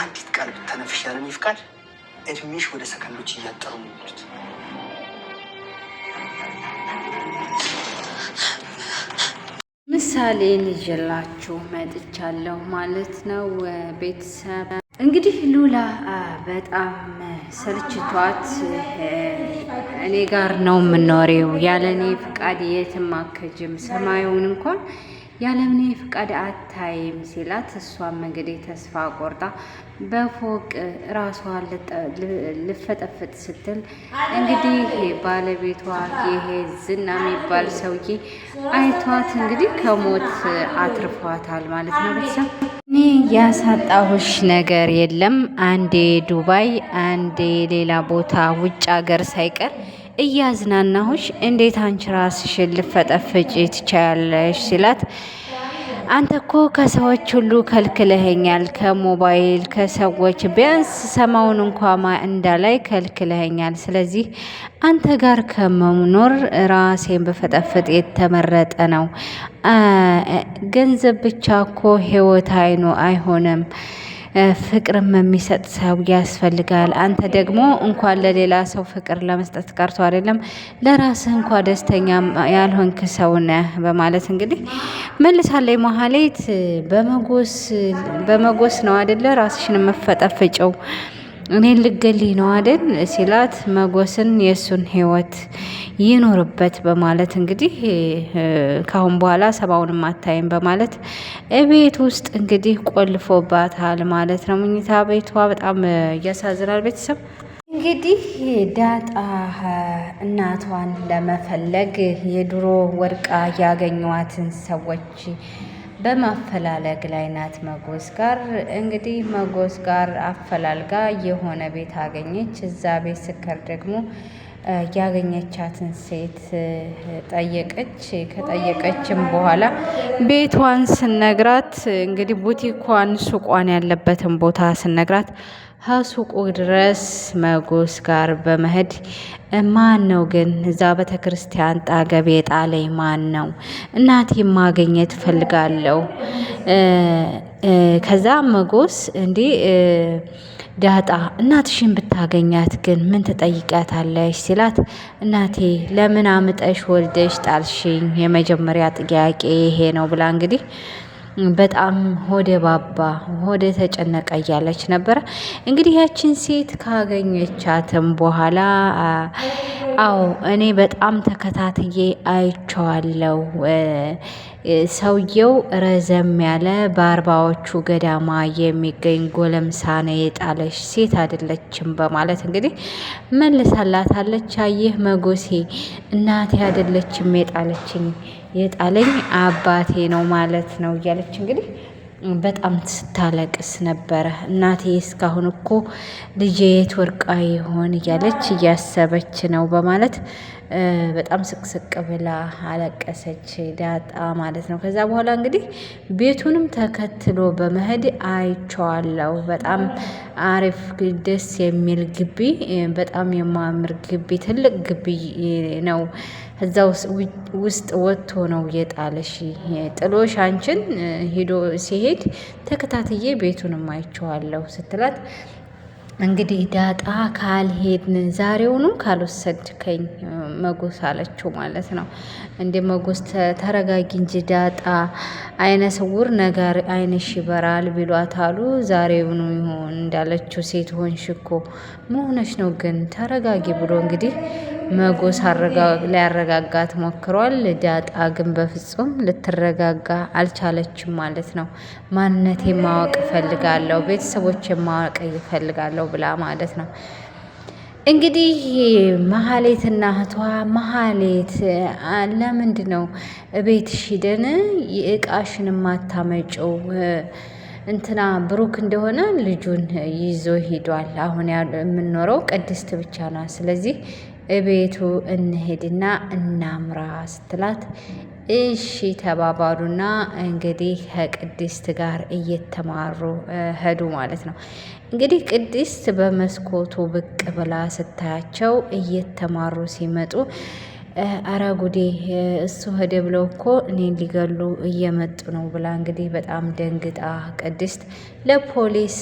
አንዲት ቃል ብተነፍሽ ያለኝ ፍቃድ እድሜሽ ወደ ሰከንዶች እያጠሩ የሚሉት ምሳሌን ይዤላችሁ መጥቻለሁ ማለት ነው። ቤተሰብ እንግዲህ ሉላ በጣም ሰልችቷት እኔ ጋር ነው የምኖሬው፣ ያለ እኔ ፍቃድ የትም አከጅም ሰማዩን እንኳን ያለምኔ ፍቃድ አታይም ሲላት እሷም እንግዲህ ተስፋ ቆርጣ በፎቅ ራሷ ልፈጠፍጥ ስትል እንግዲህ ባለቤቷ ይሄ ዝና የሚባል ሰውዬ አይቷት እንግዲህ ከሞት አትርፏታል ማለት ነው ቤተሰብ እኔ ያሳጣሁሽ ነገር የለም አንዴ ዱባይ አንዴ ሌላ ቦታ ውጭ ሀገር ሳይቀር እያዝናናሁሽ እንዴት አንቺ ራስሽን ልፈጠፍጭ ትቻያለሽ ሲላት አንተ እኮ ከሰዎች ሁሉ ከልክለኸኛል፣ ከሞባይል ከሰዎች ቢያንስ ሰማውን እንኳ እንዳላይ ከልክለኸኛል። ስለዚህ አንተ ጋር ከመኖር ራሴን በፈጠፍጥ የተመረጠ ነው። ገንዘብ ብቻ እኮ ህይወት አይኖ አይሆንም። ፍቅርም የሚሰጥ ሰው ያስፈልጋል። አንተ ደግሞ እንኳን ለሌላ ሰው ፍቅር ለመስጠት ቀርቶ አይደለም ለራስህ እንኳ ደስተኛ ያልሆንክ ሰው ነህ በማለት እንግዲህ መልሳለይ መሀሌት። በመጎስ ነው አደለ ራስሽን መፈጠፍጨው እኔን ልገልህ ነው አይደል ሲላት መጎስን የእሱን ህይወት ይኖርበት በማለት እንግዲህ ካሁን በኋላ ሰባውንም ማታይም በማለት ቤት ውስጥ እንግዲህ ቆልፎባታል ማለት ነው። ምኝታ ቤቷ በጣም እያሳዝናል። ቤተሰብ እንግዲህ ዳጣ እናቷን ለመፈለግ የድሮ ወርቃ ያገኟትን ሰዎች በማፈላለግ ላይ ናት መጎስ ጋር። እንግዲህ መጎስ ጋር አፈላልጋ የሆነ ቤት አገኘች። እዛ ቤት ስከር ደግሞ ያገኘቻትን ሴት ጠየቀች። ከጠየቀችም በኋላ ቤቷን ስነግራት እንግዲህ ቡቲኳን፣ ሱቋን ያለበትን ቦታ ስነግራት ሀሱቁ ድረስ መጎስ ጋር በመሄድ ማን ነው ግን እዛ ቤተ ክርስቲያን ጣገብ የጣለኝ ማን ነው? እናቴ ማገኘት ፈልጋለሁ። ከዛ መጎስ እንዲህ ዳጣ እናትሽን ብታገኛት ግን ምን ትጠይቂያታለሽ? ሲላት እናቴ ለምን አምጠሽ ወልደሽ ጣልሽኝ? የመጀመሪያ ጥያቄ ይሄ ነው ብላ እንግዲህ በጣም ሆደ ባባ ሆደ ተጨነቀ እያለች ነበረ። እንግዲህ ያችን ሴት ካገኘቻትም በኋላ አዎ እኔ በጣም ተከታትዬ አይቸዋለሁ። ሰውየው ረዘም ያለ በአርባዎቹ ገዳማ የሚገኝ ጎለምሳነ የጣለች ሴት አይደለችም በማለት እንግዲህ መልሳላታለች። አየህ መጎሴ እናቴ አይደለችም የጣለችኝ የጣለኝ አባቴ ነው ማለት ነው እያለች እንግዲህ በጣም ስታለቅስ ነበረ። እናቴ እስካሁን እኮ ልጄ የት ወርቃ ይሆን እያለች እያሰበች ነው በማለት በጣም ስቅስቅ ብላ አለቀሰች ዳጣ ማለት ነው። ከዛ በኋላ እንግዲህ ቤቱንም ተከትሎ በመሄድ አይቼዋለሁ። በጣም አሪፍ ደስ የሚል ግቢ፣ በጣም የማምር ግቢ፣ ትልቅ ግቢ ነው። እዛ ውስጥ ወጥቶ ነው የጣለሽ። ጥሎሽ አንቺን ሄዶ ሲሄድ ተከታትዬ ቤቱን አይቼዋለሁ ስትላት እንግዲህ ዳጣ ካልሄድን ዛሬውኑ ካልወሰድከኝ መጎስ አለችው ማለት ነው። እንደ መጎስ ተረጋጊ እንጂ ዳጣ አይነ ስውር ነገር አይንሽ ይበራል ቢሏት አሉ። ዛሬውኑ ይሆን እንዳለችው ሴት ሆንሽ እኮ መሆነች ነው ግን ተረጋጊ ብሎ እንግዲህ መጎስ ሊያረጋጋት ሞክሯል። ዳጣ ግን በፍጹም ልትረጋጋ አልቻለችም ማለት ነው። ማንነቴን ማወቅ እፈልጋለሁ፣ ቤተሰቦች ማወቅ እፈልጋለሁ ብላ ማለት ነው። እንግዲህ መሀሌትና እህቷ መሀሌት ለምንድ ነው እቤት ሽደን እቃሽን የማታመጪው? እንትና ብሩክ እንደሆነ ልጁን ይዞ ሂዷል። አሁን የምንኖረው ቅድስት ብቻ ናት። ስለዚህ እቤቱ እንሄድና እናምራ ስትላት እሺ ተባባሉና እንግዲህ ከቅድስት ጋር እየተማሩ ሄዱ ማለት ነው። እንግዲህ ቅድስት በመስኮቱ ብቅ ብላ ስታያቸው እየተማሩ ሲመጡ አረ ጉዴ እሱ ሄደ ብለው እኮ እኔን ሊገሉ እየመጡ ነው ብላ እንግዲህ በጣም ደንግጣ ቅድስት ለፖሊስ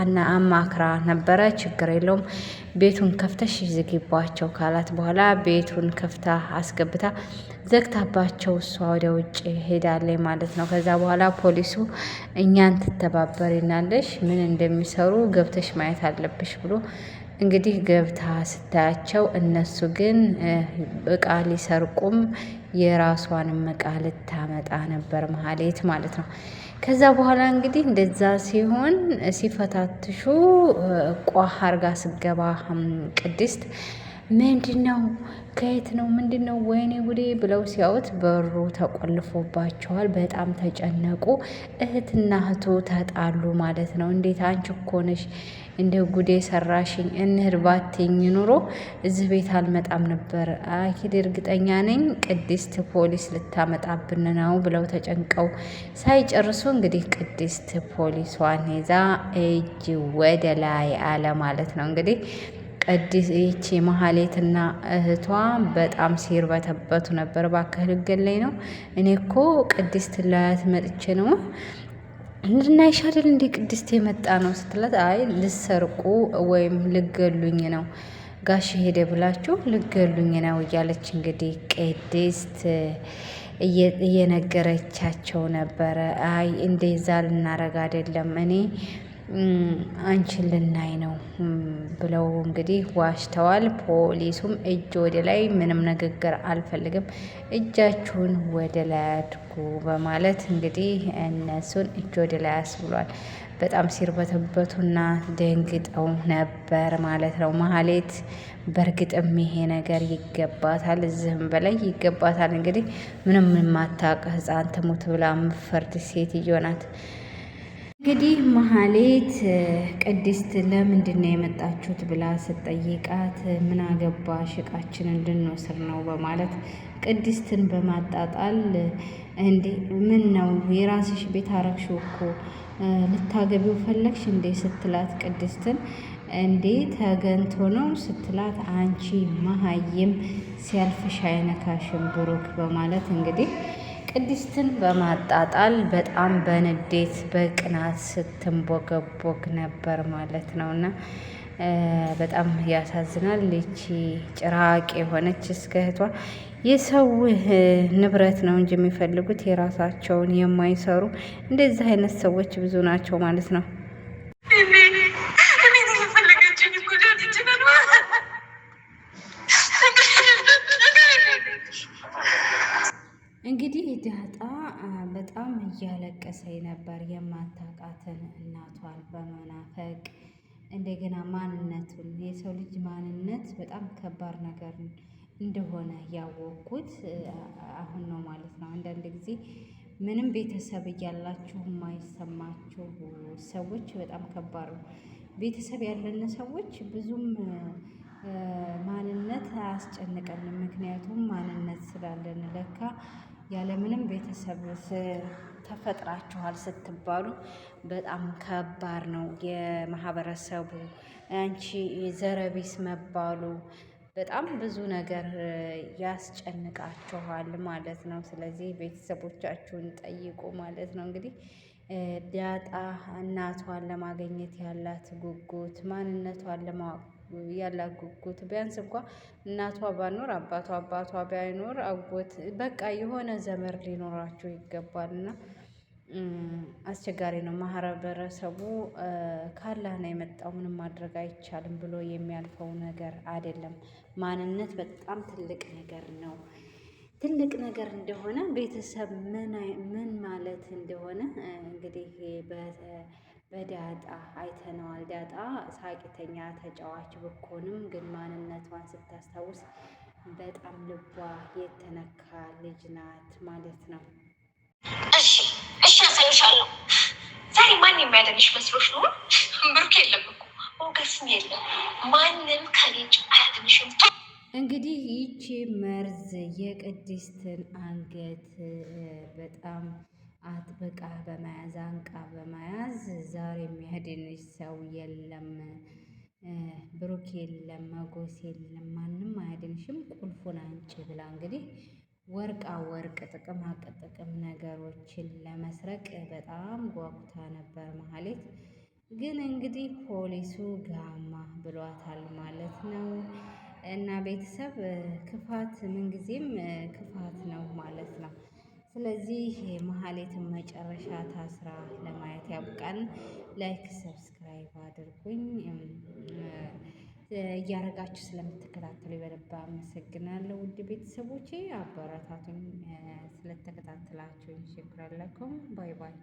አና አማክራ ነበረ። ችግር የለውም ቤቱን ከፍተሽ ዝግባቸው ካላት በኋላ ቤቱን ከፍታ አስገብታ ዘግታባቸው እሷ ወደ ውጭ ሄዳለች ማለት ነው። ከዛ በኋላ ፖሊሱ እኛን ትተባበሪናለሽ፣ ምን እንደሚሰሩ ገብተሽ ማየት አለብሽ ብሎ እንግዲህ ገብታ ስታያቸው እነሱ ግን እቃ ሊሰርቁም የራሷንም እቃ ልታመጣ ነበር መሀሌት ማለት ነው። ከዛ በኋላ እንግዲህ እንደዛ ሲሆን ሲፈታትሹ ቋህ አርጋ ስገባ ቅድስት ምንድን ነው ከየት ነው ምንድን ነው ወይኔ ጉዴ ብለው ሲያዩት በሩ ተቆልፎባቸዋል። በጣም ተጨነቁ። እህትና እህቱ ተጣሉ ማለት ነው። እንዴት አንቺ እኮ ነሽ እንደ ጉዴ ሰራሽኝ። እንህር ባትይኝ ኑሮ እዚህ ቤት አልመጣም ነበር። አኪድ እርግጠኛ ነኝ ቅድስት ፖሊስ ልታመጣብን ነው ብለው ተጨንቀው ሳይጨርሱ እንግዲህ ቅድስት ፖሊሷን ይዛ እጅ ወደ ላይ አለ ማለት ነው እንግዲህ ቅድስት ይቺ መሀሌትና እህቷ በጣም ሲርበተበቱ ነበር። ባክህ ልገለኝ ነው እኔ እኮ ቅድስት ላያት መጥቼ ነው ልናይሽ አይደል እንደ ቅድስት የመጣ ነው ስትላት፣ አይ ልሰርቁ ወይም ልገሉኝ ነው ጋሽ ሄደ ብላችሁ ልገሉኝ ነው እያለች እንግዲህ ቅድስት እየነገረቻቸው ነበረ። አይ እንደዛ ልናረግ አይደለም እኔ አንቺን ልናይ ነው ብለው እንግዲህ ዋሽተዋል። ፖሊሱም እጅ ወደ ላይ ምንም ንግግር አልፈልግም፣ እጃችሁን ወደ ላይ አድርጉ በማለት እንግዲህ እነሱን እጅ ወደ ላይ አስብሏል። በጣም ሲርበተበቱና ደንግጠው ነበር ማለት ነው። መሀሌት በእርግጥም ይሄ ነገር ይገባታል፣ እዚህም በላይ ይገባታል። እንግዲህ ምንም የማታውቅ ህፃን ትሙት ብላ ምፈርድ ሴትዮ ናት። እንግዲህ መሀሌት ቅድስት ለምንድን ነው የመጣችሁት ብላ ስትጠይቃት ምን አገባ ሽቃችን እንድንወስድ ነው በማለት ቅድስትን በማጣጣል እንዴ ምን ነው የራስሽ ቤት አረግሽው እኮ ልታገቢው ፈለግሽ እንዴ ስትላት ቅድስትን እንዴ ተገንቶ ነው ስትላት አንቺ መሀይም ሲያልፍሽ አይነካሽም ብሩክ በማለት እንግዲህ ቅድስትን በማጣጣል በጣም በንዴት በቅናት ስትንቦገቦግ ነበር ማለት ነው። እና በጣም ያሳዝናል። ይቺ ጭራቅ የሆነች እስከ እህቷ የሰው ንብረት ነው እንጂ የሚፈልጉት የራሳቸውን የማይሰሩ እንደዚህ አይነት ሰዎች ብዙ ናቸው ማለት ነው። ስመጣ በጣም እያለቀሰኝ ነበር የማታቃትን እናቷን በመናፈቅ እንደገና ማንነቱን የሰው ልጅ ማንነት በጣም ከባድ ነገር እንደሆነ ያወቅኩት አሁን ነው ማለት ነው። አንዳንድ ጊዜ ምንም ቤተሰብ እያላችሁ የማይሰማችሁ ሰዎች በጣም ከባድ ነው። ቤተሰብ ያለን ሰዎች ብዙም ማንነት አያስጨንቀንም። ምክንያቱም ማንነት ስላለን ለካ ያለምንም ቤተሰብ ተፈጥራችኋል ስትባሉ በጣም ከባድ ነው። የማህበረሰቡ አንቺ ዘረቢስ መባሉ በጣም ብዙ ነገር ያስጨንቃችኋል ማለት ነው። ስለዚህ ቤተሰቦቻችሁን ጠይቁ ማለት ነው። እንግዲህ ዳጣ እናቷን ለማገኘት ያላት ጉጉት ማንነቷን ለማወቅ ያላጉጉት ቢያንስ እንኳ እናቷ ባኖር አባቷ አባቷ ባይኖር አጎት በቃ የሆነ ዘመር ሊኖራቸው ይገባል አስቸጋሪ ነው። ማህበረሰቡ ካላህ ነው የመጣው ምንም ማድረግ አይቻልም ብሎ የሚያልፈው ነገር አይደለም። ማንነት በጣም ትልቅ ነገር ነው። ትልቅ ነገር እንደሆነ ቤተሰብ ምን ማለት እንደሆነ እንግዲህ በዳጣ አይተነዋል። ዳጣ ሳቂተኛ ተጫዋች ብኮንም ግን ማንነቷን ስታስታውስ በጣም ልቧ የተነካ ልጅ ናት ማለት ነው። እሺ እሺ፣ አሳይሻለሁ። ዛሬ ማን የሚያደንሽ መስሎሽ ነው? ብሩክ የለም እኮ ሞገስም የለም፣ ማንም ከልጅ አያደንሽም። እንግዲህ ይቺ መርዝ የቅድስትን አንገት በጣም አጥብቃ በመያዝ አንቃ በመያዝ ዛሬ የሚያድንሽ ሰው የለም፣ ብሩክ የለም፣ መጎስ የለም፣ ማንም አያድንሽም፣ ቁልፉን አንጭ ብላ እንግዲህ ወርቅ አወርቅ ጥቅም ነገሮችን ለመስረቅ በጣም ጓጉታ ነበር መሀሌት። ግን እንግዲህ ፖሊሱ ጋማ ብሏታል ማለት ነው። እና ቤተሰብ ክፋት ምንጊዜም ክፋት ነው ማለት ነው። ስለዚህ የማህሌትን መጨረሻ ታስራ ለማየት ያብቃን። ላይክ ሰብስክራይብ አድርጉኝ። እያረጋችሁ ስለምትከታተሉ በልባ አመሰግናለሁ። ውድ ቤተሰቦቼ አበረታቱኝ። ስለተከታተላችሁ ሽኩራለኩም። ባይ ባይ